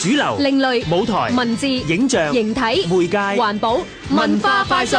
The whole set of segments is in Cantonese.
主流、另類、舞台、文字、影像、形體、媒介、環保、文化快訊。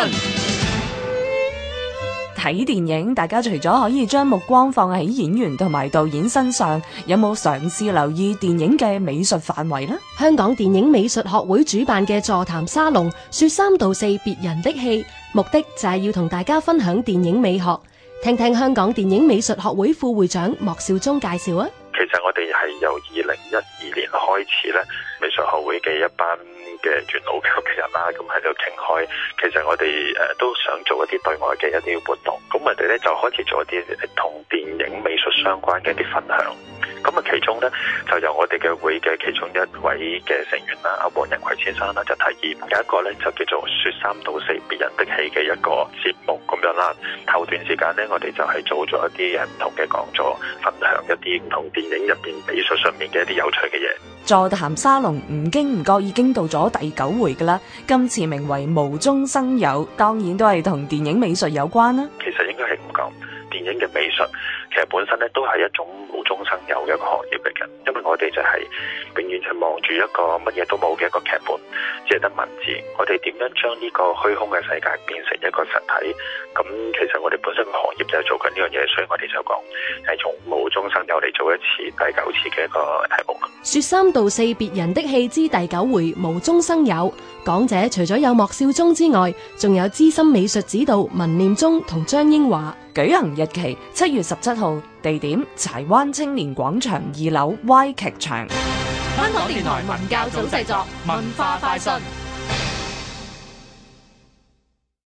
睇電影，大家除咗可以將目光放喺演員同埋導演身上，有冇嘗試留意電影嘅美術範圍呢？香港電影美術學會主辦嘅座談沙龍，說三道四別人的戲，目的就係要同大家分享電影美學。聽聽香港電影美術學會副會長莫少忠介紹啊！其實我哋係由二零一二年開始咧，美術學會嘅一班嘅元老級嘅人啦，咁喺度傾開。其實我哋誒都想做一啲對外嘅一啲活動，咁我哋咧就開始做一啲同電影美術相關嘅一啲分享。咁啊，其中咧就有我哋嘅會嘅其中一位嘅成員啦，阿黃仁逵先生啦，就提議有一個咧就叫做說三道四別人的戲嘅一個節目。啦，頭段時間呢，我哋就係做咗一啲唔同嘅講座，分享一啲唔同電影入邊美術上面嘅一啲有趣嘅嘢。座談沙龍，唔經唔覺已經到咗第九回噶啦，今次名為無中生有，當然都係同電影美術有關啦。其實應該係咁講。電影嘅美術其實本身咧都係一種無中生有嘅一個行業嚟嘅，因為我哋就係永遠就望住一個乜嘢都冇嘅一個劇本，只係得文字。我哋點樣將呢個虛空嘅世界變成一個實體？咁其實我哋本身嘅行業就係做緊呢樣嘢，所以我哋就講係從無中生有嚟做一次第九次嘅一個題目。說三道四，別人的戲之第九回無中生有。講者除咗有莫少宗之外，仲有資深美術指導文念中同張英華。舉行日期七月十七號，地點柴灣青年廣場二樓 Y 劇場。香港電台文教組製作，文化快訊。